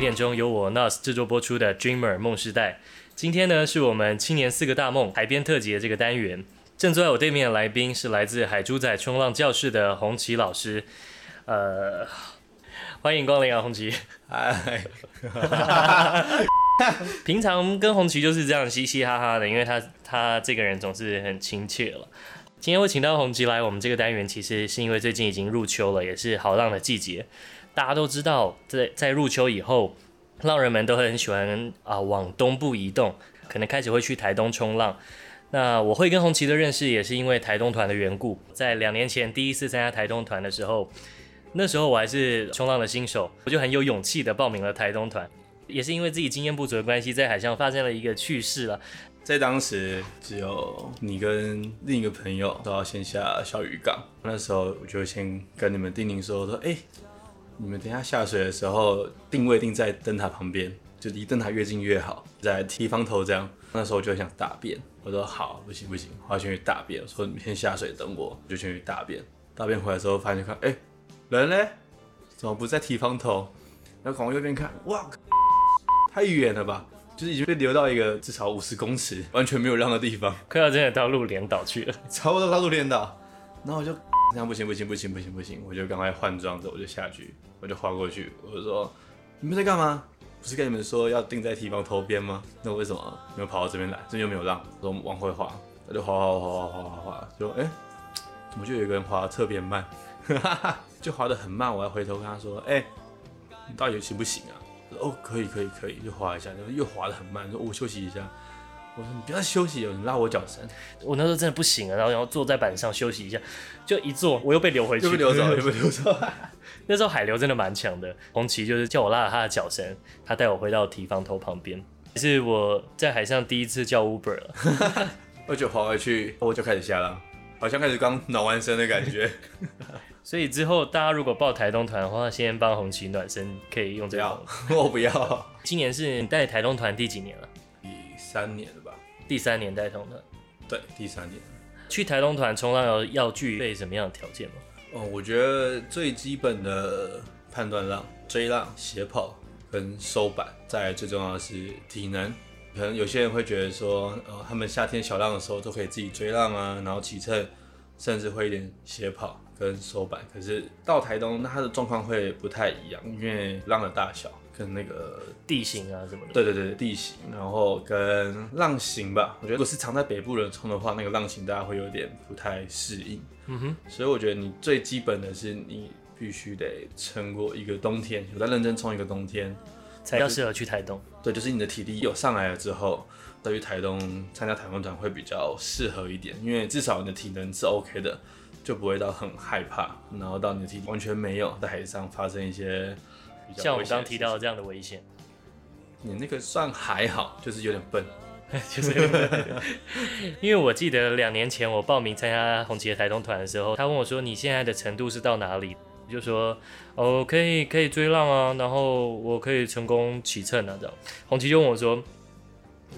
一點鐘由我 NUS 製作播出的《Dreamer 夢時代》，今天呢是我們青年四個大夢海邊特輯的這個單元。正坐在我對面的來賓是來自海豬仔衝浪教室的紅旗老師，呃，歡迎光臨啊，紅旗！哎， 平常跟紅旗就是這樣嘻嘻哈哈的，因為他他這個人總是很親切了。今天會請到紅旗來我們這個單元，其實是因為最近已經入秋了，也是好浪的季節。大家都知道，在在入秋以後，浪人們都很喜歡啊往東部移動，可能開始會去台東沖浪。那我會跟紅旗的認識也是因為台東團的緣故，在兩年前第一次參加台東團的時候，那時候我還是衝浪的新手，我就很有勇氣地報名了台東團，也是因為自己經驗不足的關係，在海上發生了一個趣事了。在當時只有你跟另一個朋友都要先下小漁港，那時候我就先跟你們叮嚀說說，哎你們等一下下水的時候定位定在燈塔旁邊，就離燈塔越近越好，在梯方頭這樣。那時候我就想大便，我說好，不行不行，我要先去大便。我說你們先下水等我，我就先去大便。大便回來之後發現看，哎、欸，人嘞，怎麼不在梯方頭？然後往右邊看，哇，太遠了吧，就是已經被流到一個至少五十公尺完全沒有浪的地方，快要真的到陸連島去了，差不多到陸連島。然後我就。這樣不行不行不行不行不行！我就趕快換裝，走，我就下去，我就滑過去。我就說：“你們在幹嘛？不是跟你們說要定在堤防頭邊嗎？那為什麼你們跑到這邊來？這又沒有浪，我，說我們往回滑。”他就滑滑滑滑滑滑滑，就哎、欸，怎麼就有一個人滑得特別慢？ 就滑的很慢。我還回頭跟他說：“哎、欸，你到底行不行啊？”我說：“哦，可以可以可以。可以。”就滑一下，又滑得很慢。說：“我、哦、休息一下。”我說，你不要休息，你拉我腳繩。我那時候真的不行啊，然後然後坐在板上休息一下，就一坐我又被留回去了。就流走，又被流走。那時候海流真的蠻強的。紅旗 就是叫我拉了他的腳繩，他帶我回到堤防頭旁邊。是我在海上第一次叫 Uber 了， 我就跑回去，我就開始下浪，好像開始剛暖完身的感覺。 所以之後大家如果報台東團的話，先幫紅旗暖身，可以用這個。不要，我不要。 今年是你帶台東團第幾年了？第三年了。第三年帶通的。對，第三年去台東團衝浪要要具備什麼樣的條件嗎？哦，我覺得最基本的判斷浪、追浪、斜跑跟收板，再最重要的是體能。可能有些人會覺得說，呃、哦，他們夏天小浪的時候都可以自己追浪啊，然後起乘甚至會一點斜跑跟收板。可是到台東，那他的狀況會不太一樣，因為浪的大小。跟那個地形啊什麼的，對對對地形，然後跟浪型吧。我覺得如果是常在北部人衝的話，那個浪型大家會有點不太適應。嗯哼，所以我覺得你最基本的是你必須得撐過一個冬天，有在認真衝一個冬天，才要適合去台東。對，就是你的體力有上來了之後，再去台東參加台東團會比較適合一點，因為至少你的體能是 OK 的，就不會到很害怕，然後到你的體力完全沒有在海上發生一些。像我剛剛提到的這樣的危險，你那個算還好， 就是有點笨，就是。因為我記得兩年前我報名參加紅旗的台東團的時候，他問我說：“你現在的程度是到哪裡？”我就說：“哦，可以可以追浪啊，然後我可以成功起乘啊，這樣。”紅旗就問我說：“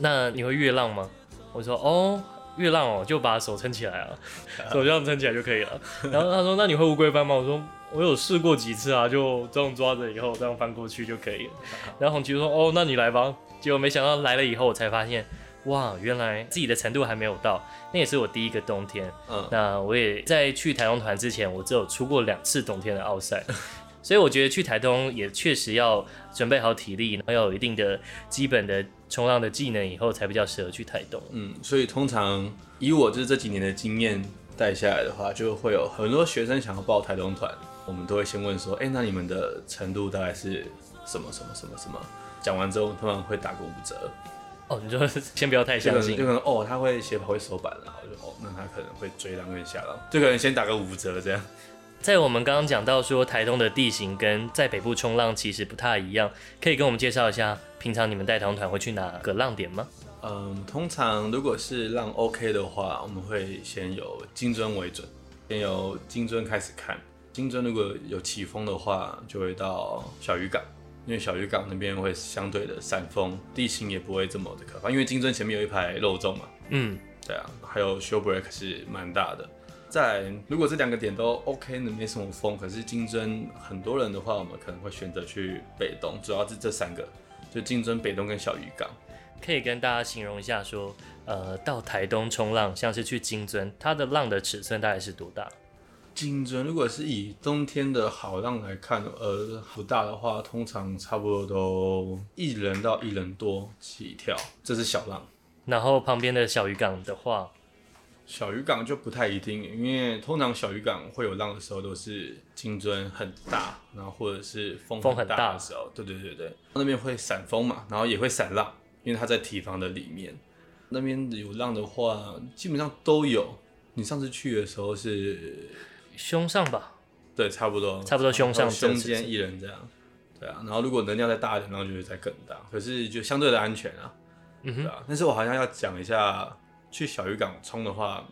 那你會越浪嗎？”我說：“哦，越浪哦，就把手撐起來啊，手這樣撐起來就可以了。” 然後他說：“那你會烏龜翻嗎？”我說。我有試過幾次啊，就這樣抓着，以後這樣翻過去就可以了。然後紅旗就說：“哦，那你來吧。”結果沒想到來了以後，我才發現，哇，原來自己的程度還沒有到。那也是我第一個冬天。嗯。那我也在去台東團之前，我只有出過兩次冬天的 outside， 所以我覺得去台東也確實要準備好體力，然後要有一定的基本的衝浪的技能，以後才比較適合去台東。嗯，所以通常以我就是這幾年的經驗帶下來的話，就會有很多學生想要報台東團。我們都會先問說，哎、欸，那你們的程度大概是什麼什麼什麼什麼？講完之後，通常會打個五折。哦，你就先不要太相信，就可能，就可能哦，他會寫跑會手板，然後就哦，那他可能會追浪跟下浪。就可能先打個五折這樣。在我們剛剛講到說，台東的地形跟在北部衝浪其實不太一樣，可以跟我們介紹一下，平常你們帶團團會去哪個浪點嗎？嗯，通常如果是浪 OK 的話，我們會先由金樽為準，先由金樽開始看。金樽如果有起風的話，就會到小漁港，因為小漁港那邊會相對的散風，地形也不會這麼的可怕，因為金樽前面有一排肉粽嘛。嗯，對啊，還有 shorebreak 是蠻大的。再如果這兩個點都 OK 的，沒什麼風，可是金樽很多人的話，我們可能會選擇去北東，主要是這三個，就金樽北東跟小漁港。可以跟大家形容一下說，呃，到台東衝浪，像是去金樽，它的浪的尺寸大概是多大？金樽，如果是以冬天的好浪來看，呃，不大的話，通常差不多都一人到一人多起跳，這是小浪。然後旁邊的小漁港的話，小漁港就不太一定，因為通常小漁港會有浪的時候，都是金樽很大，然後或者是風風很大的時候。對對對對，那邊會散風嘛，然後也會散浪，因為它在堤防的裡面，那邊有浪的話，基本上都有。你上次去的時候是？.胸上吧，對，差不多，差不多胸上，胸間一人這樣，對啊，然後如果能量再大一點，然後就會再更大，可是就相對的安全啊，對啊，嗯哼，但是我好像要講一下，去小漁港衝的話，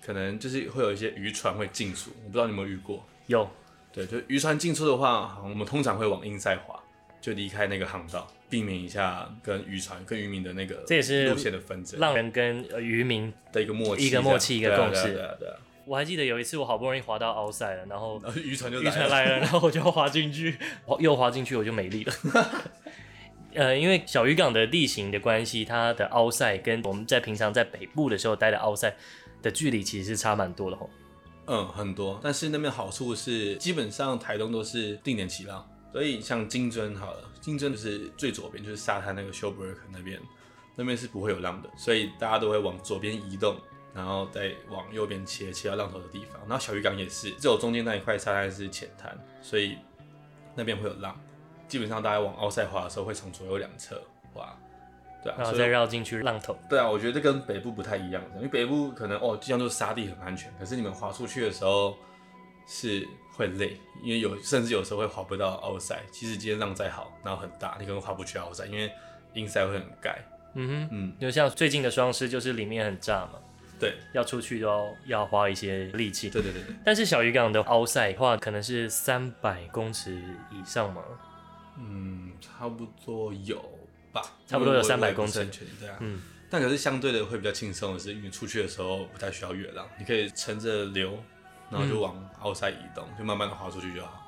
可能就是會有一些漁船會進出，我不知道你有沒有遇過，有，對，就漁船進出的話，我們通常會往 inside 滑，就離開那個航道，避免一下跟漁船跟漁民的那個線的分這也是路線的紛爭，浪人跟漁民的一個默契，一個默契，一個共識，對啊，對啊，對啊。對啊對啊。我還記得有一次，我好不容易滑到 outside 了，然後漁船就漁船來了，然後我就滑進去， 又滑進去，我就沒力了。 呃，因為小漁港的地形的關係，它的 outside 跟我們在平常在北部的時候待的 outside 的距離其實是差蠻多的吼。嗯，很多。但是那邊好處是，基本上台東都是定點起浪，所以像金樽好了，金樽就是最左邊，就是沙灘那個 shorebreak 那邊，那邊是不會有浪的，所以大家都會往左邊移動。然後再往右邊切，切到浪頭的地方。然後小魚港也是，只有中間那一塊沙灘是淺灘，所以那邊會有浪。基本上大家往 outside 滑的時候，會從左右兩側滑，對然、啊、後好以再繞進去浪頭。對啊，我覺得這跟北部不太一樣，因為北部可能哦，就像就是沙地很安全，可是你們滑出去的時候是會累，因為有甚至有時候會滑不到 outside。其實今天浪再好，然後很大，你可能滑不去 outside，因為 inside 會很蓋。嗯哼，嗯，就像最近的雙獅，就是裡面很炸嘛。對，要出去都要，要花一些力氣。對對對，但是小魚港的奧賽的話，可能是三百公尺以上嗎？嗯，差不多有吧，差不多有三百公尺。對啊，嗯。但可是相對的會比較輕鬆的是因為出去的時候不太需要月亮，你可以乘着流，然後就往奧賽移動，嗯、就慢慢的滑出去就好。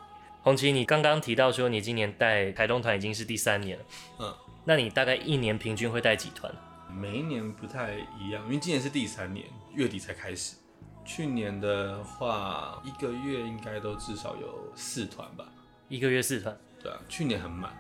紅旗，你剛剛提到說你今年帶台東團已經是第三年了，嗯，那你大概一年平均會帶幾團？每一年不太一樣，因為今年是第三年，月底才開始。去年的話，一個月應該都至少有四團吧？一個月四團？對啊，去年很滿，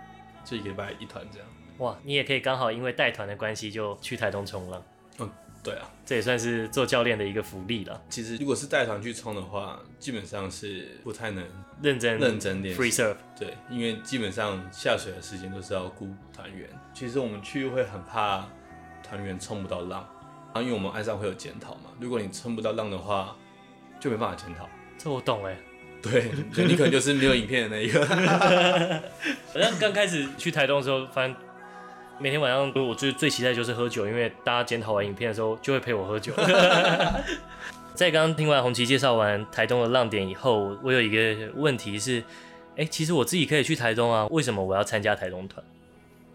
就一個禮拜一團這樣。哇，你也可以剛好因為帶團的關係就去台東衝浪。嗯、哦，對啊，這也算是做教練的一個福利了。其實如果是帶團去衝的話，基本上是不太能認真認真點。Free serve。對，因為基本上下水的時間都是要顧團員。其實我們去會很怕。團員衝不到浪，啊，然後因為我們岸上會有檢討嘛，如果你衝不到浪的話，就沒辦法檢討。這我懂哎、欸，對，所以你可能就是沒有影片的那一個。 好像剛開始去台東的時候，反正每天晚上我最最期待就是喝酒，因為大家檢討完影片的時候就會陪我喝酒。 在剛聽完紅旗介紹完台東的浪點以後，我有一個問題是，欸，其實我自己可以去台東啊，為什麼我要參加台東團？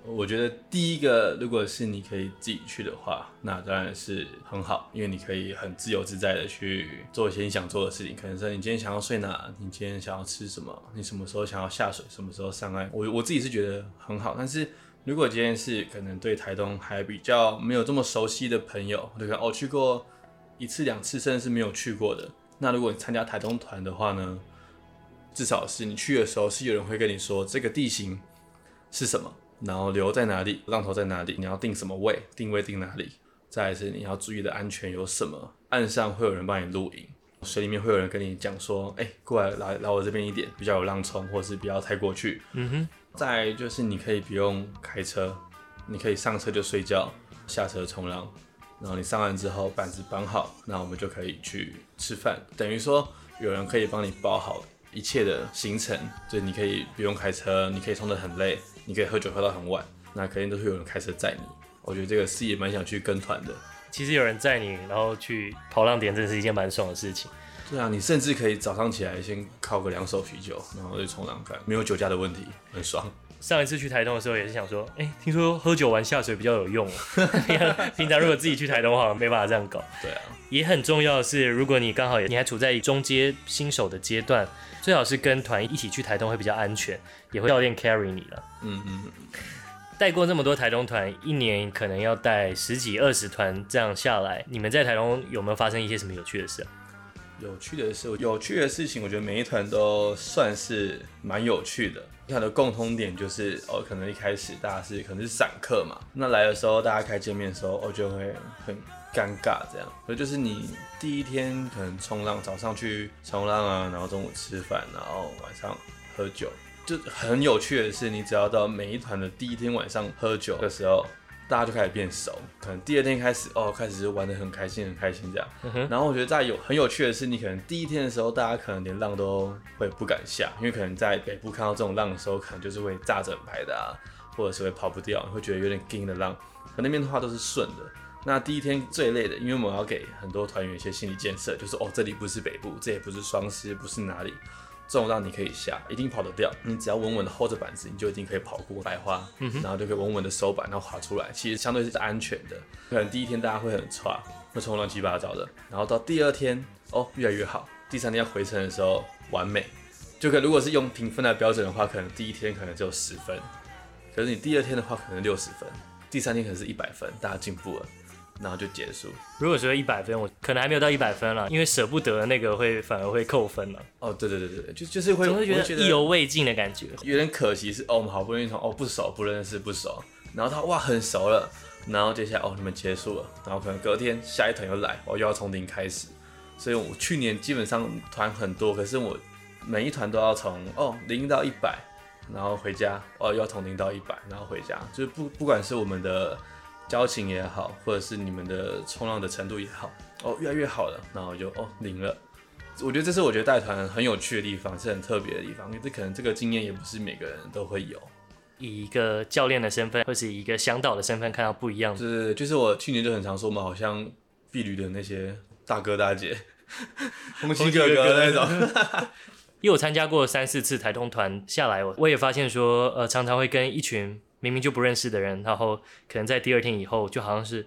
我覺得第一個，如果是你可以自己去的話，那當然是很好，因為你可以很自由自在的去做一些你想做的事情。可能說你今天想要睡哪，你今天想要吃什麼，你什麼時候想要下水，什麼時候上岸。我我自己是覺得很好。但是如果今天是可能對台東還比較沒有這麼熟悉的朋友，對，或者說哦去過一次兩次，甚至是沒有去過的，那如果你參加台東團的話呢，至少是你去的時候是有人會跟你說這個地形是什麼。然後留在哪裡，浪頭在哪裡，你要定什麼位，定位定哪裡。再來是你要注意的安全有什麼？岸上會有人幫你錄影，水裡面會有人跟你講說，哎、欸，過來來來我這邊一點，比較有浪衝，或是不要太過去。嗯哼。再來就是你可以不用開車，你可以上車就睡覺，下車衝浪。然後你上岸之後，板子綁好，那我們就可以去吃飯。等於說有人可以幫你包好一切的行程，就你可以不用開車，你可以衝得很累。你可以喝酒喝到很晚，那肯定都是有人開車載你。我覺得這個事也蠻想去跟團的。其實有人載你，然後去跑浪點，真是一件蠻爽的事情。對啊，你甚至可以早上起來先靠個兩手啤酒，然後再衝浪看，沒有酒駕的問題，很爽。上一次去台東的時候也是想說，哎、欸，聽說喝酒玩下水比較有用，啊。 平常如果自己去台東的話，好像沒辦法這樣搞。對啊，也很重要的是，如果你剛好也你還處在中階新手的階段，最好是跟團一起去台東會比較安全，也會教練 carry 你了。嗯，嗯嗯，帶過這麼多台東團，一年可能要帶十幾二十團這樣下來，你們在台東有沒有發生一些什麼有趣的事，啊？有趣的事，有趣的事情，我覺得每一團都算是蠻有趣的。它的共通點就是，哦，可能一開始大家是可能是散客嘛，那來的時候大家開見面的時候，我、哦、就會很尷尬這樣。所以就是你第一天可能衝浪，早上去衝浪啊，然後中午吃飯，然後晚上喝酒，就很有趣的是，你只要到每一團的第一天晚上喝酒的時候。大家就開始變熟，可能第二天開始哦，開始就玩得很開心，很開心這樣。嗯、哼然後我覺得在有很有趣的是，你可能第一天的時候，大家可能連浪都會不敢下，因為可能在北部看到這種浪的時候，可能就是會炸整排的啊，或者是會跑不掉，你會覺得有點驚的浪。可那邊的話都是順的。那第一天最累的，因為我們要給很多團員一些心理建設，就是哦，這裡不是北部，這也不是雙獅，不是哪裡。這種浪你可以下，一定跑得掉。你只要穩穩的 hold 着板子，你就一定可以跑過白花，嗯、哼然後就可以穩穩的收板，然後滑出來。其實相對是安全的。可能第一天大家會很差，會衝亂七八糟的。然後到第二天哦，越來越好。第三天要回程的時候，完美。就可如果是用評分來標準的話，可能第一天可能只有十分，可是你第二天的話可能六十分，第三天可能是一百分，大家進步了。然後就結束。如果說一百分，我可能還沒有到一百分了，因為捨不得那個會反而會扣分了。哦，對對對對，就就是會，總是覺得意猶未盡的感覺，覺有點可惜是哦。我們好不容易從哦不熟、不認識不熟，然後他哇很熟了，然後接下來哦你們結束了，然後可能隔天下一團又來，哦又要從零開始。所以我去年基本上團很多，可是我每一團都要從哦零到一百，然後回家哦又要從零到一百，然後回家就是不不管是我們的。交情也好，或者是你們的衝浪的程度也好，哦，越來越好了，然後就哦，靈了。我覺得這是我覺得帶團很有趣的地方，是很特別的地方，因為這可能這個經驗也不是每個人都會有。以一個教練的身份，或是以一個向導的身份，看到不一樣的。就是，就是我去年就很常說，嘛，好像畢旅的那些大哥大姐，紅旗 格格那種。 因為我參加過三四次台東團下來，我我也發現說，呃，常常會跟一群。明明就不認識的人，然後可能在第二天以後，就好像是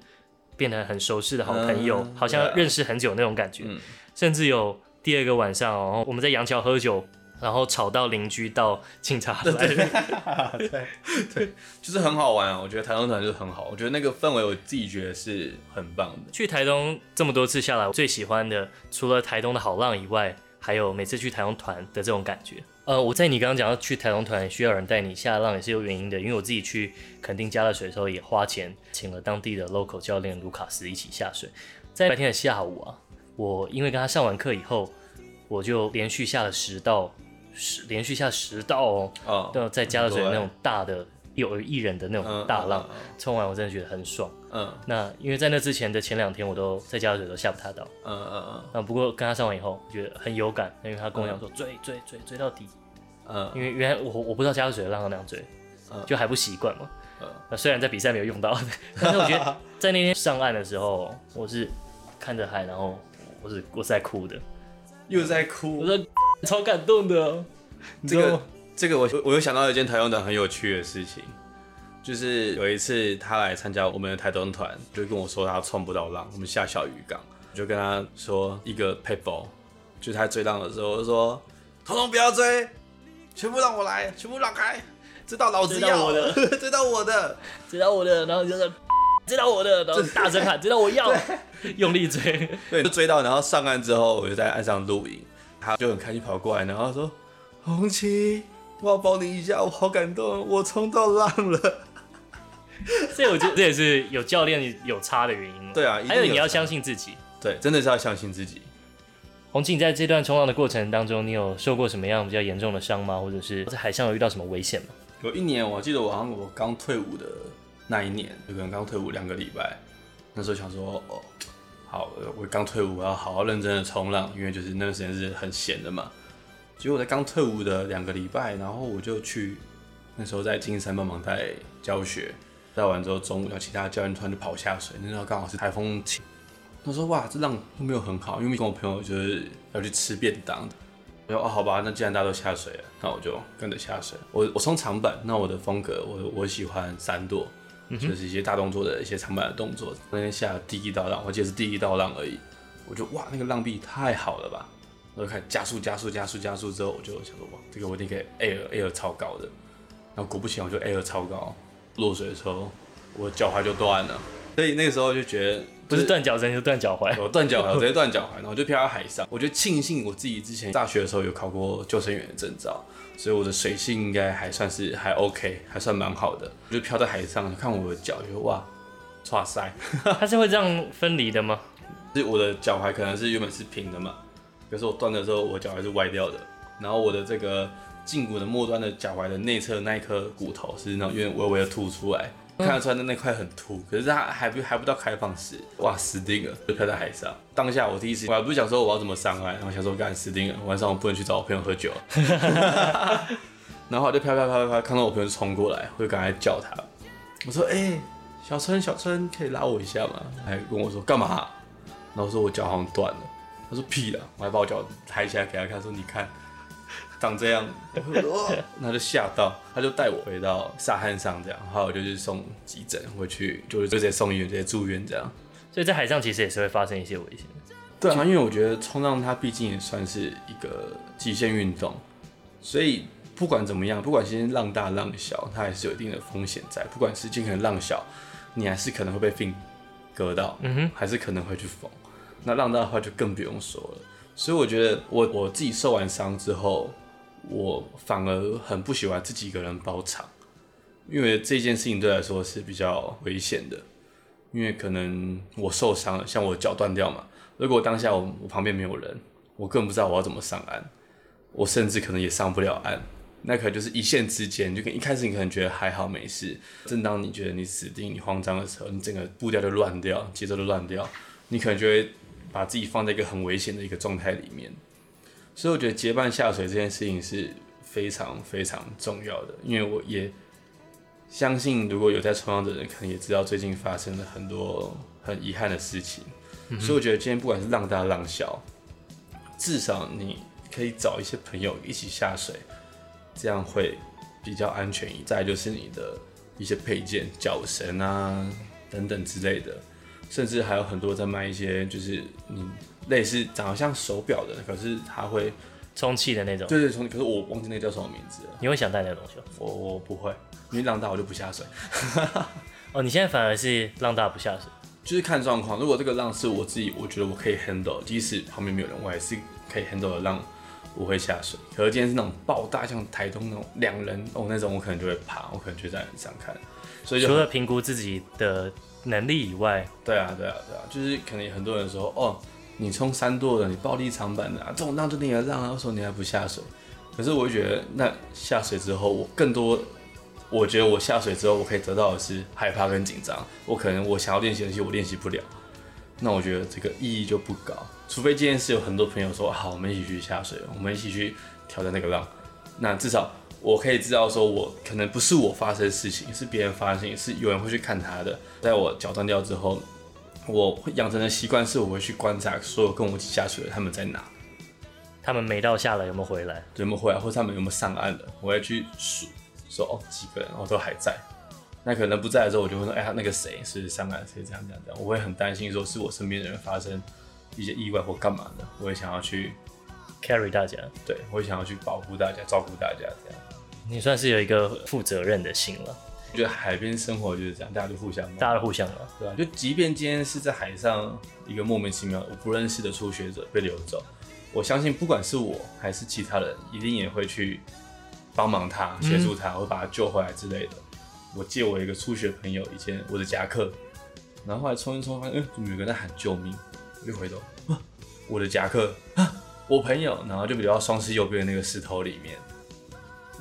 變得很熟悉的好朋友，嗯、好像認識很久那種感覺。嗯、甚至有第二個晚上，然後我們在洋橋喝酒，然後吵到鄰居到警察來。對對，就是很好玩啊，喔！我覺得台東團就是很好，我覺得那個氛圍我自己覺得是很棒的。去台東這麼多次下來，我最喜歡的除了台東的好浪以外，還有每次去台東團的這種感覺。呃，我在你剛剛講到去台東團需要人帶你下浪也是有原因的，因為我自己去墾丁加了水的時候也花錢請了當地的 local 教練盧卡斯一起下水，在白天的下午啊，我因為跟他上完課以後，我就連續下了十道十連續下十道哦，啊，然後在加了水那種大的對有一人的那種大浪 uh, uh, uh, uh. 衝完，我真的覺得很爽。嗯，那因為在那之前的前兩天，我都在加水，都嚇不他到。嗯嗯嗯。那、嗯嗯、不過跟他上完以後，我覺得很有感，因為他跟我講說，追追追追到底。嗯。因為原來我我不知道加水讓他那樣追，嗯、就還不習慣嘛，嗯。嗯。那雖然在比賽沒有用到，但是我覺得在那天上岸的時候，我是看着海，然後我是我是在哭的，又在哭，我說超感動的。這個這個我我又想到有一件台灣的很有趣的事情。就是有一次他來參加我們的台東團，就跟我說他衝不到浪，我們下小魚缸，就跟他說一個 p a o p l，就是他追浪的時候，我就說：“彤彤不要追，全部讓我來，全部讓開，追到老子要的，追到我的， 追到我的，追到我的，然後就是追到我的，然後大聲喊對追到我要，對用力追，對，就追到，然後上岸之後我就在岸上露營，他就很開心跑過來，然後說：紅旗，我要抱你一下，我好感動，我衝到浪了。”這 我覺得這也是有教練有差的原因嘛。對啊，有還有你要相信自己。對，真的是要相信自己。紅旗， 在這段衝浪的過程當中，你有受過什麼樣比較嚴重的傷嗎？或者是在海上有遇到什麼危險嗎？有一年，我記得我好像我剛退伍的那一年，可能剛退伍兩個禮拜，那時候想說，哦，好，我剛退伍，我要好好認真的衝浪，因為就是那段時間是很閒的嘛。結果我在剛退伍的兩個禮拜，然後我就去那時候在金山幫忙帶教學。下完之後，中午要其他教練突然就跑下水，那時候剛好是台風起，他說：“哇，這浪都沒有很好。”因為跟我朋友就是要去吃便當。我說：“哦，好吧，那既然大家都下水了，那我就跟着下水。我我衝長板，那我的風格，我我喜歡三舵，就是一些大動作的一些長板的動作。嗯、哼那天下第一道浪，我記得是第一道浪而已。我就哇，那個浪壁太好了吧？我就開始加速，加速，加速，加速之後，我就想說哇，這個我一定可以 air air 超高的。然後果不其然，我就 air 超高。落水的時候，我腳踝就斷了，所以那個時候就覺得不是斷腳筋就斷腳踝，我斷腳踝，我直接斷腳踝，然後就飄到海上。我就慶幸我自己之前大學的時候有考過救生員的證照，所以我的水性應該還算是還 OK，還算蠻好的。就飄在海上看我的腳，就哇，挫塞。 它是會這樣分離的嗎？就我的腳踝可能是原本是平的嘛，可是我斷的時候我腳踝是歪掉的，然後我的這個。脛骨的末端的腳踝的內側那一顆骨頭是那種有點微微的凸出來，看得出來的那塊很凸，可是它還不還不到開放式，哇，死定了，就飄在海上。當下我第一時間，我還不是想說我要怎麼上岸，然後想說我剛才死定了，晚上我不能去找我朋友喝酒。 然後我就飄飄飄飄飄，看到我朋友衝過來，就趕快叫他，我說：“哎、欸，小春，小春，可以拉我一下嗎？”還跟我說：“幹嘛？”然後我說：“我腳好像斷了。”他說：“屁了！”我還把我腳抬起來給他看，說：“你看。”像這樣，那就嚇到，他就帶我回到沙灘上這樣，然後我就去送急診，回去就是直接送醫院，直接住院這樣。所以在海上其實也是會發生一些危險的。對啊，因為我覺得衝浪它畢竟也算是一個極限運動，所以不管怎麼樣，不管先浪大浪小，它還是有一定的風險在。不管是儘可能浪小，你還是可能會被 fin 割到，嗯哼，還是可能會去縫。那浪大的話就更不用說了。所以我覺得我我自己受完傷之後。我反而很不喜歡自己一個人包場，因為這件事情對來說是比較危險的，因為可能我受傷了，像我腳斷掉嘛，如果當下我我旁邊沒有人，我更不知道我要怎麼上岸，我甚至可能也上不了岸，那可能就是一線之間，就跟一開始你可能覺得還好沒事，正當你覺得你死定你慌張的時候，你整個步調就亂掉，節奏就亂掉，你可能就會把自己放在一個很危險的一個狀態裡面。所以我覺得結伴下水這件事情是非常非常重要的，因為我也相信，如果有在衝浪的人，可能也知道最近發生了很多很遺憾的事情。嗯、哼所以我覺得今天不管是浪大浪小，至少你可以找一些朋友一起下水，這樣會比較安全一些，再就是你的一些配件、腳繩啊等等之類的，甚至還有很多在賣一些，就是你。類似長得像手錶的，可是它會充氣的那種。對對，充氣。可是我忘記那叫什麼名字了。你會想帶那個東西嗎？我我不會，你浪大我就不下水。 哦，你現在反而是浪大不下水。就是看狀況，如果這個浪是我自己，我覺得我可以 handle。即使旁邊沒有人，我還是可以 handle 的浪，我會下水。可是今天是那種爆大，像台東那種兩人哦那種我，我可能就會怕，我可能就在岸上看。所以除了評估自己的能力以外，對啊，對啊，對啊，就是可能很多人說哦。你衝三度的，你暴力長板的啊，這種浪就你要讓啊，為什麼你還不下水？可是我就覺得那下水之後，我更多，我覺得我下水之後，我可以得到的是害怕跟緊張，我可能我想要練習的東西我練習不了，那我覺得這個意義就不高，除非這件事有很多朋友說好，我們一起去下水，我們一起去挑戰那個浪，那至少我可以知道說我，我可能不是我發生的事情，是別人發生事情，是有人會去看他的，在我腳斷掉之後。我會養成的習慣是我會去觀察所有跟我一起下水的，他們在哪？他們沒到下來有沒有回來？對，有沒有回來？或者他們有沒有上岸的，我會去數，說哦幾個人，然、哦、後都還在。那可能不在的時候，我就會說，哎、欸，他那個誰是，是上岸誰這樣這樣這樣。我會很擔心，說是我身邊的人發生一些意外或幹嘛的，我會想要去 carry 大家，對，我也想要去保護大家、照顧大家這樣。你算是有一個負責任的心了。我覺得海邊生活就是這樣，大家就互相，大家都互相了，對啊，就即便今天是在海上，一個莫名其妙我不認識的初學者被流走，我相信不管是我還是其他人，一定也會去幫忙他，協助他，我會把他救回來之類的。嗯、我借我一個初學朋友以前我的夾克，然後後來衝一衝，發現嗯，欸、怎麼有個人在喊救命，我就回頭，啊、我的夾克、啊、我朋友，然後就掉到雙獅右邊的那個石頭裡面。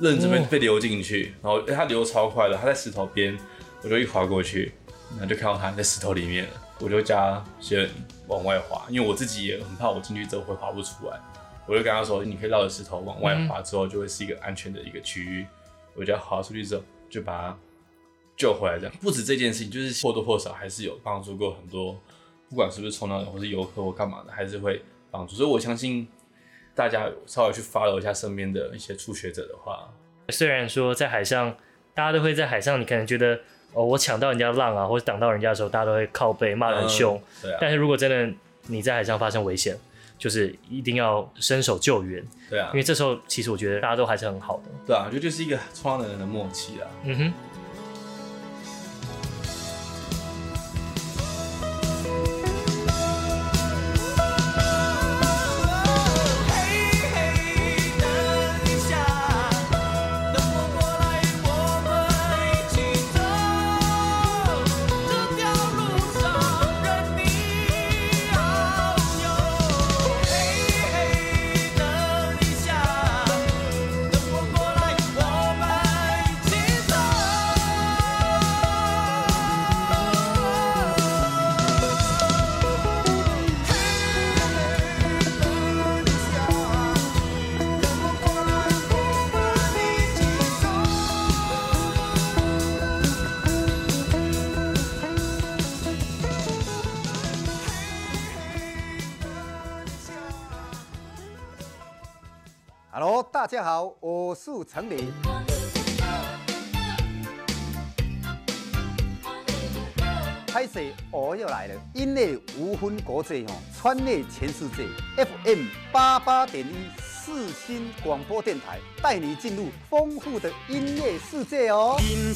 任這邊被流進去，哦、然後哎，他流超快的，他在石頭邊，我就一滑過去，然後就看到他在石頭裡面了，我就加先往外滑，因為我自己也很怕，我進去之後會滑不出來，我就跟他說，你可以繞着石頭往外滑，之後就會是一個安全的一個區域，嗯、我就要滑出去之後就把他救回來。這樣不只這件事情，就是或多或少還是有幫助過很多，不管是不是衝浪或是遊客或幹嘛的，還是會幫助，所以我相信。大家稍微去 follow 一下身邊的一些初學者的話，雖然說在海上，大家都會在海上，你可能覺得，哦，我搶到人家浪啊，或者擋到人家的時候，大家都會靠背罵人兇、嗯。對啊。但是如果真的你在海上發生危險，就是一定要伸手救援。對啊。因為這時候其實我覺得大家都還是很好的。對啊，我覺得就是一個衝浪的人的默契啊。嗯哼。大家好，我是陳磊，開始我又來了。音樂無分國界哦，穿越全世界 FM 八八點一四新廣播電臺，帶你進入豐富的音樂世界哦。人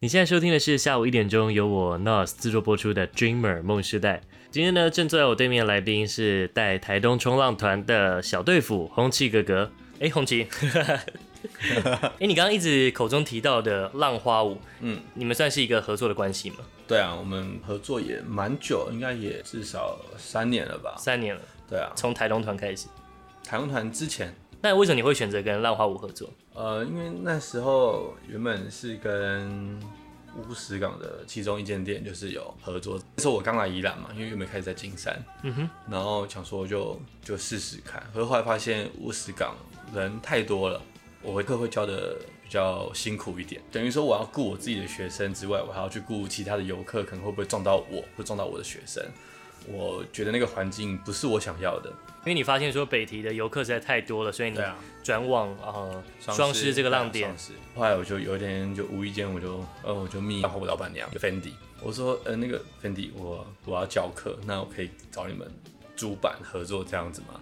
你現在收聽的是下午一點鐘由我 NOS 製作播出的 Dreamer 夢時代。今天呢，正坐在我對面的來賓是帶台東衝浪團的小隊輔紅旗格格。哎，紅、欸、旗，哎、 欸，你剛剛一直口中提到的浪花舞，嗯，你們算是一個合作的關係嗎？對啊，我們合作也蠻久，應該也至少三年了吧？三年了，對啊，從台東團開始。台東團之前，那為什麼你會選擇跟浪花舞合作？呃，因為那時候原本是跟烏石港的其中一間店就是有合作，那時候我剛來宜蘭嘛，因為原本開始在金山，嗯哼，然後想說就就試試看，可是後來發現烏石港人太多了，我回課會教的比較辛苦一點，等於說我要雇我自己的學生之外，我還要去雇其他的遊客，可能會不會撞到我，會撞到我的學生。我覺得那個環境不是我想要的，因為你發現說北堤的遊客實在太多了，所以你轉往啊、呃、雙獅這個浪點、啊是。後來我就有一天就無意間我就哦、呃、我就密呼我老板娘 Fendi，我說呃那個 Fendi 我我要教課，那我可以找你們租板合作這樣子嘛？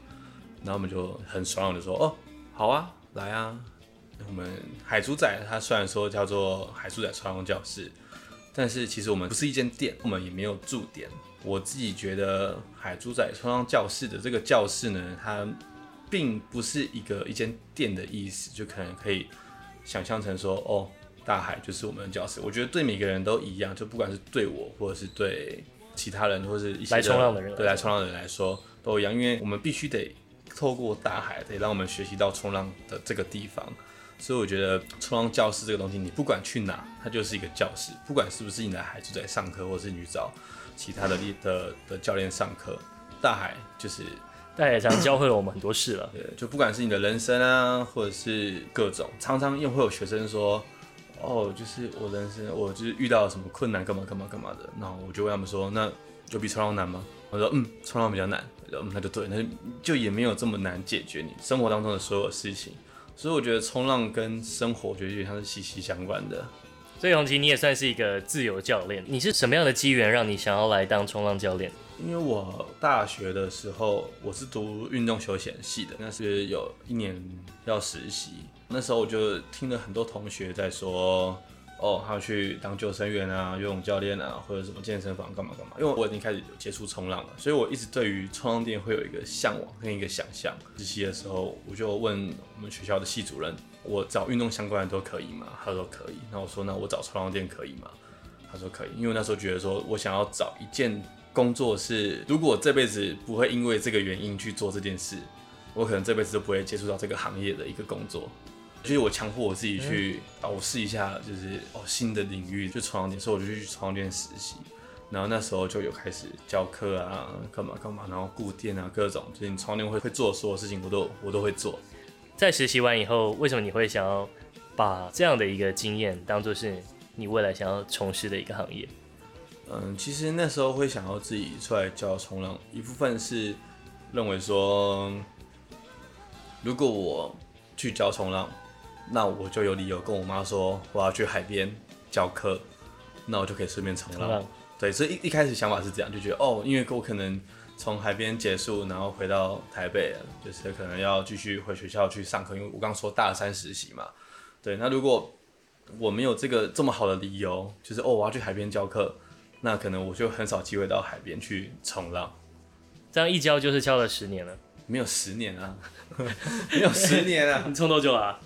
然後我們就很爽朗的說哦好啊來啊，我們海豬仔它雖然說叫做海豬仔衝浪教室，但是其實我們不是一間店，我們也沒有駐點。我自己覺得海豬仔衝浪教室的這個教室呢，它並不是一個一間店的意思，就可能可以想象成說，哦，大海就是我們的教室。我覺得對每個人都一樣，就不管是對我，或者是對其他人，或者是一些衝浪的人，對來衝浪的人來說都一樣，因為我們必須得透過大海，得讓我們學習到衝浪的這個地方。所以我覺得衝浪教室這個東西，你不管去哪，它就是一個教室，不管是不是你的海豬仔上課，或者是你去找，其他的的的教練上課，大海就是大海，常教會了我們很多事了。 對，就不管是你的人生啊，或者是各種，常常又會有學生說，哦，就是我的人生，我就是遇到了什麼困難，幹嘛幹嘛幹嘛的。然後我就問他們說，那就比衝浪難嗎？我說，嗯，衝浪比較難。嗯，那就對，那就也沒有這麼難解決你生活當中的所有事情。所以我覺得衝浪跟生活，我覺得像是息息相關的。所以紅旗，你也算是一個自由教練。你是什麼樣的機緣讓你想要來當衝浪教練？因為我大學的時候我是讀運動休閒系的，那是有一年要實習。那時候我就聽了很多同學在說，哦，他要去當救生員啊、游泳教練啊，或者什麼健身房幹嘛幹嘛。因為我已經開始接觸衝浪了，所以我一直對於衝浪店會有一個嚮往跟一個想象實習的時候，我就問我們學校的系主任。我找運動相關的都可以嗎？他說可以。那我說，那我找衝浪店可以嗎？他說可以。因為那時候覺得說，我想要找一件工作是，如果我這輩子不會因為這個原因去做這件事，我可能這輩子都不會接觸到這個行業的一個工作。所以，我強迫我自己去，我試一下，就是哦，新的領域就衝浪店，所以我就去衝浪店實習。然後那時候就有開始教課啊、幹嘛幹嘛，然後顧店啊，各種就是你衝浪店會會做所有事情，我都我都會做。在實習完以後，為什麼你會想要把這樣的一個經驗當做是你未來想要從事的一個行業？嗯，其實那時候會想要自己出來教衝浪，一部分是認為說，如果我去教衝浪，那我就有理由跟我媽說我要去海邊教課，那我就可以順便衝浪。衝浪。對，所以一一開始想法是這樣，就覺得哦，因為我可能。從海邊結束，然後回到台北，就是可能要繼續回學校去上課，因為我剛剛說大三實習嘛。對，那如果我沒有這個這麼好的理由，就是哦我要去海邊教課，那可能我就很少機會到海邊去衝浪。這樣一教就是教了十年了？沒有十年啊， 沒有十年啊， 你衝多久啊？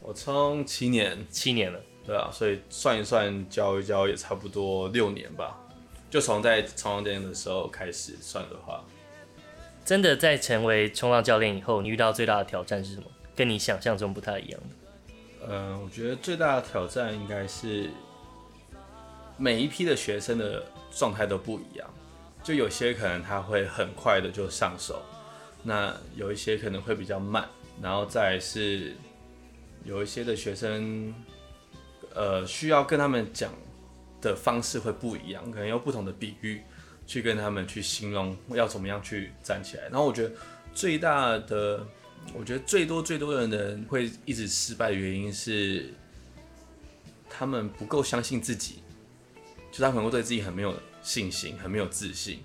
我衝七年，七年了，對啊，所以算一算教一教也差不多六年吧。就從在衝浪店的時候開始算的話，真的在成為衝浪教練以後，你遇到最大的挑戰是什麼？跟你想象中不太一樣的。嗯、呃，我覺得最大的挑戰應該是每一批的學生的狀態都不一樣，就有些可能他會很快的就上手，那有一些可能會比較慢，然後再是有一些的學生，呃，需要跟他們講的方式會不一樣，可能用不同的比喻去跟他們去形容要怎麼樣去站起來。然後我覺得最大的，我覺得最多最多的人會一直失敗的原因是他們不夠相信自己，就是他們可能對自己很沒有信心，很沒有自信。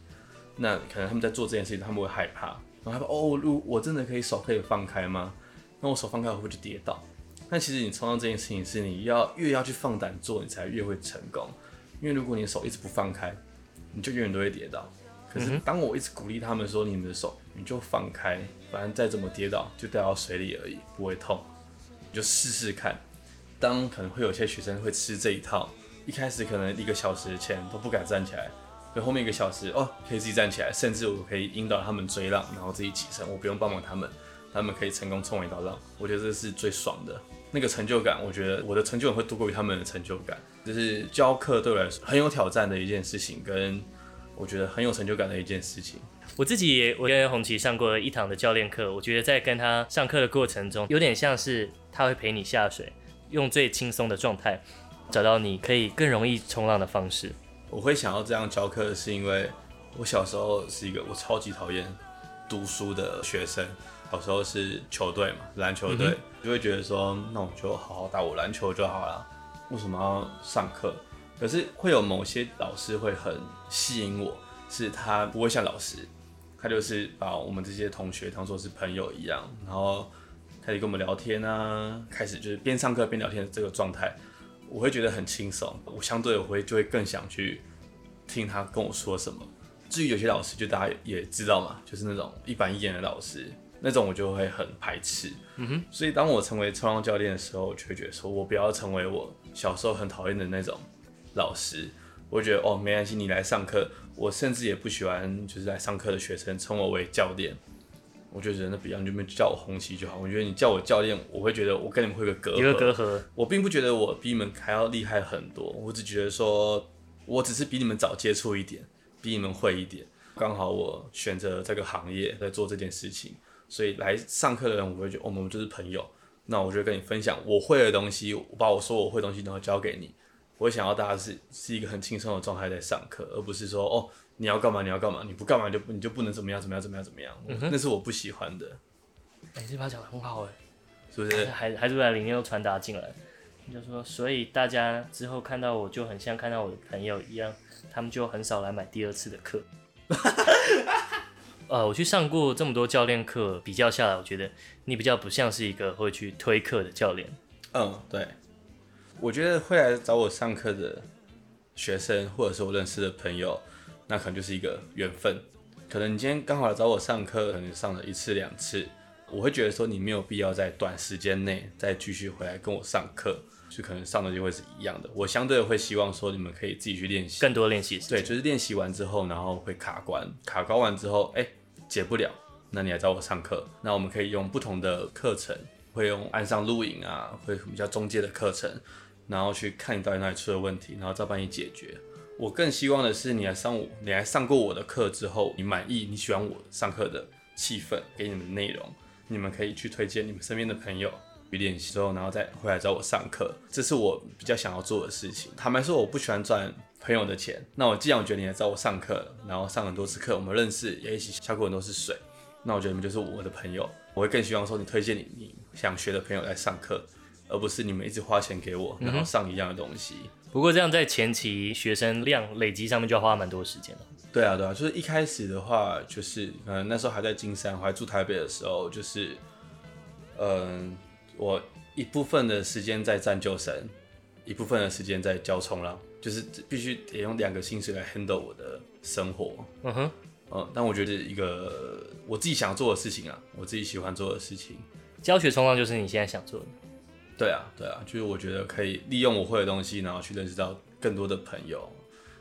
那可能他們在做這件事情，他們會害怕，然後害怕哦，我我真的可以手可以放開嗎？那我手放開我會不會跌倒？但其實你衝到這件事情是你要越要去放膽做，你才越會成功。因為如果你手一直不放開，你就永遠都會跌倒。可是當我一直鼓勵他們說：“你們的手，你就放開，反正再怎麼跌倒，就掉到水裡而已，不會痛。”你就試試看。當可能會有些學生會吃這一套，一開始可能一個小時前都不敢站起來，所以後面一個小時哦，可以自己站起來，甚至我可以引導他們追浪，然後自己起身，我不用幫忙他們，他們可以成功衝一道浪。我覺得這是最爽的。那個成就感，我覺得我的成就感會多過於他們的成就感。就是教課對我來說很有挑戰的一件事情，跟我覺得很有成就感的一件事情。我自己也我跟紅旗上過一堂的教練課，我覺得在跟他上課的過程中，有點像是他會陪你下水，用最輕鬆的狀態，找到你可以更容易衝浪的方式。我會想要這樣教課，是因為我小時候是一個我超級討厭讀書的學生。小時候是球隊嘛，籃球隊。嗯就會覺得說，那我就好好打我籃球就好了，為什麼要上課？可是會有某些老師會很吸引我，是他不會像老師，他就是把我們這些同學，當做是朋友一樣，然後開始跟我們聊天啊，開始就是邊上課邊聊天的這個狀態，我會覺得很輕鬆，我相對我會就會更想去聽他跟我說什麼。至於有些老師，就大家也知道嘛，就是那種一板一眼的老師。那種我就會很排斥，嗯、哼所以當我成為衝浪教練的時候，我就會覺得說，我不要成為我小時候很討厭的那種老師。我覺得哦，沒關係，你來上課，我甚至也不喜歡，就是在上課的學生稱我為教練。我覺得人的比較，你們叫我紅旗就好，我覺得你叫我教練，我會覺得我跟你們會有隔閡。一個隔閡，隔閡，我並不覺得我比你們還要厲害很多，我只覺得說，我只是比你們早接觸一點，比你們會一點，剛好我選擇這個行業在做這件事情。所以來上課的人，我會覺得我們就是朋友，那我就跟你分享我會的東西，我把我說我會的東西都會教給你。我想要大家是是一個很輕鬆的狀態在上課，而不是說哦、喔、你要幹嘛，你要幹嘛，你不幹嘛，就你就不能怎麼樣怎麼樣怎麼樣怎麼樣，麼樣嗯、哼那是我不喜歡的。你、欸、這把講得很好，哎、欸，是不是？還是還把理零六傳達進來，就說所以大家之後看到我就很像看到我的朋友一樣，他們就很少來買第二次的課。 呃、啊，我去上過這麼多教練課，比較下來，我覺得你比較不像是一個會去推課的教練。嗯，對。我覺得會來找我上課的學生，或者是我認識的朋友，那可能就是一個緣分。可能你今天剛好來找我上課，可能上了一次兩次，我會覺得說你沒有必要在短時間內再繼續回來跟我上課，就可能上的就會是一樣的。我相對的會希望說你們可以自己去練習，更多練習。對，就是練習完之後，然後會卡關，卡關完之後，哎、欸。解不了，那你來找我上課。那我們可以用不同的課程，會用岸上錄影啊，會比較中介的課程，然後去看你到底哪裡出了問題，然後再幫你解決。我更希望的是，你來上我，你來上過我的課之後，你滿意，你喜歡我上課的氣氛，給你們內容，你們可以去推薦你們身邊的朋友去練習，之後然後再回來找我上課。這是我比較想要做的事情。坦白說，我不喜歡賺。朋友的錢，那我既然我覺得你來找我上課，然後上很多次課，我們認識，也一起下過很多次水，那我覺得你們就是我的朋友，我會更希望說，你推薦你你想學的朋友來上課，而不是你們一直花錢給我，然後上一樣的東西。嗯、不過這樣在前期學生量累積上面就要花蠻多時間了。對啊，對啊，就是一開始的話，就是嗯那時候還在金山，我還住台北的時候，就是嗯我一部分的時間在站救生，一部分的時間在教衝浪。就是必須得用兩個薪水來 handle 我的生活。Uh huh. 嗯哼，但我覺得一個我自己想要做的事情啊，我自己喜歡做的事情，教學衝浪。就是你現在想做的。對啊，對啊，就是我覺得可以利用我會的東西，然後去認識到更多的朋友。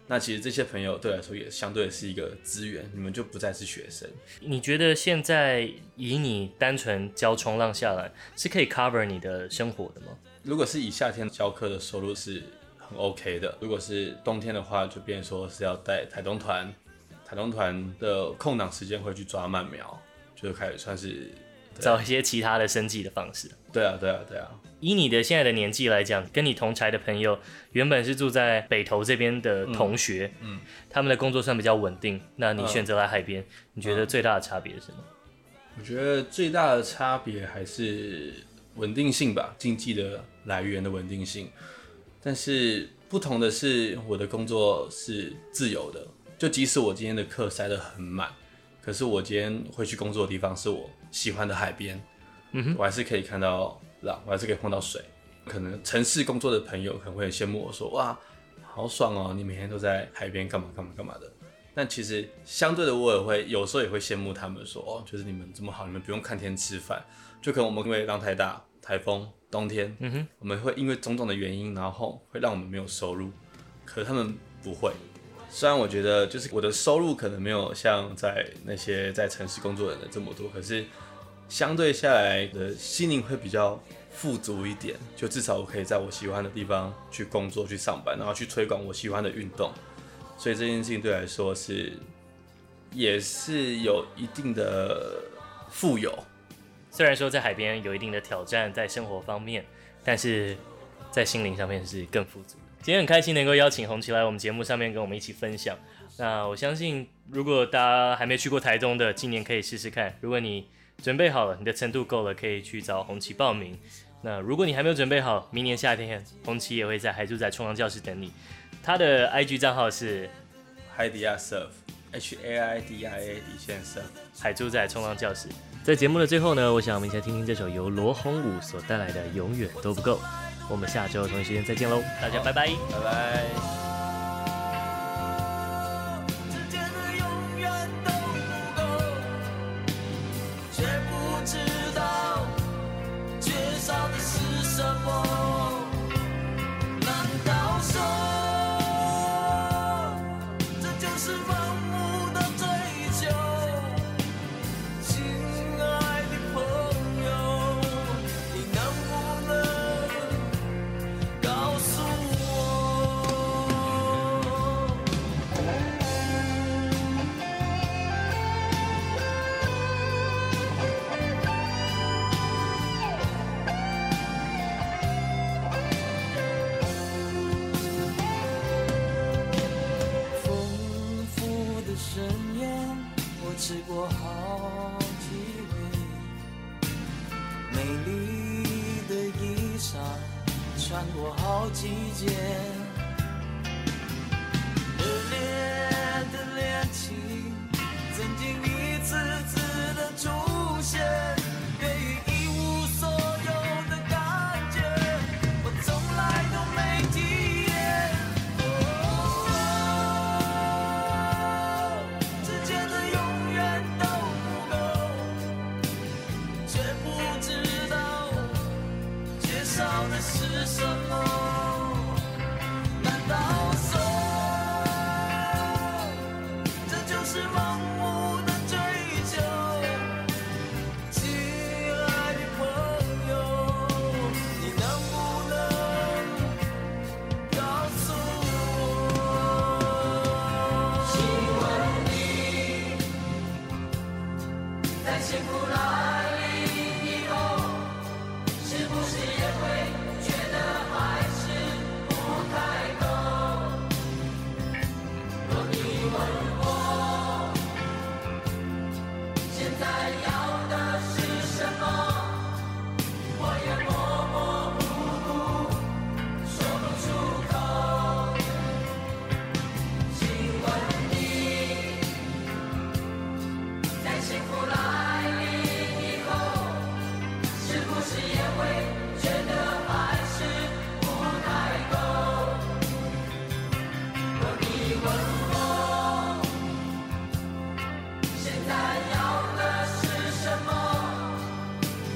那其實這些朋友對來說也相對是一個資源，你們就不再是學生。你覺得現在以你單純教衝浪下來是可以 cover 你的生活的嗎？如果是以夏天教課的收入是，很 OK 的。如果是冬天的話，就變說是要帶台東團，台東團的空檔時間會去抓慢苗，就開始算是找一些其他的生計的方式。對啊，對啊，對啊。以你的現在的年紀來講，跟你同儕的朋友，原本是住在北投這邊的同學，嗯，嗯，他們的工作算比較穩定。那你選擇來海邊，嗯、你覺得最大的差別是什麼、嗯？我覺得最大的差別還是穩定性吧，經濟的來源的穩定性。但是不同的是，我的工作是自由的，就即使我今天的課塞得很滿，可是我今天會去工作的地方是我喜歡的海邊，嗯哼，我還是可以看到浪，我還是可以碰到水。可能城市工作的朋友可能會很羨慕我說，哇，好爽哦，你每天都在海邊幹嘛幹嘛幹嘛的。但其實相對的，我也會有時候也會羨慕他們說，哦，就是你們這麼好，你們不用看天吃飯，就可能我們因為浪太大，颱風。冬天，嗯哼，我們會因為種種的原因，然後會讓我們沒有收入，可是他們不會。雖然我覺得，就是我的收入可能沒有像在那些在城市工作的人這麼多，可是相對下來的心靈會比較富足一點，就至少我可以在我喜歡的地方去工作、去上班，然後去推廣我喜歡的運動。所以這件事情對來說是，也是有一定的富有。雖然說在海邊有一定的挑戰，在生活方面，但是在心靈上面是更富足。今天很開心能夠邀請紅旗來我們節目上面跟我們一起分享。那我相信，如果大家還沒去過台東的，今年可以試試看。如果你準備好了，你的程度夠了，可以去找紅旗報名。那如果你還沒有準備好，明年夏天紅旗也會在海豬仔衝浪教室等你。他的 IG 賬號是 Haidia surf H A I D I A 底線 surf 海豬仔衝浪教室。在節目的最後呢，我想我們一起來聽聽這首由羅紘武所帶來的《永遠都不夠》。我們下周同一時間再見嘍，好大家拜拜，拜拜。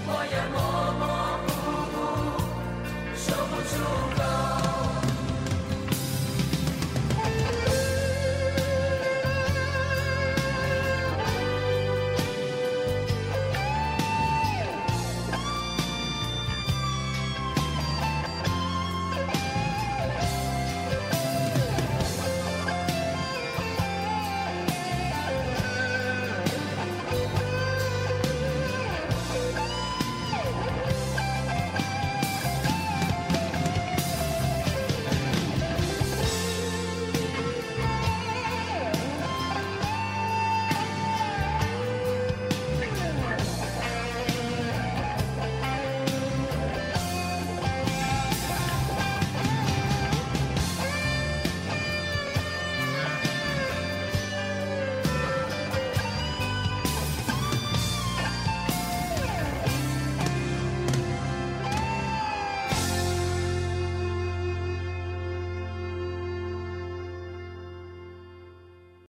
我也模模糊糊，說不出口。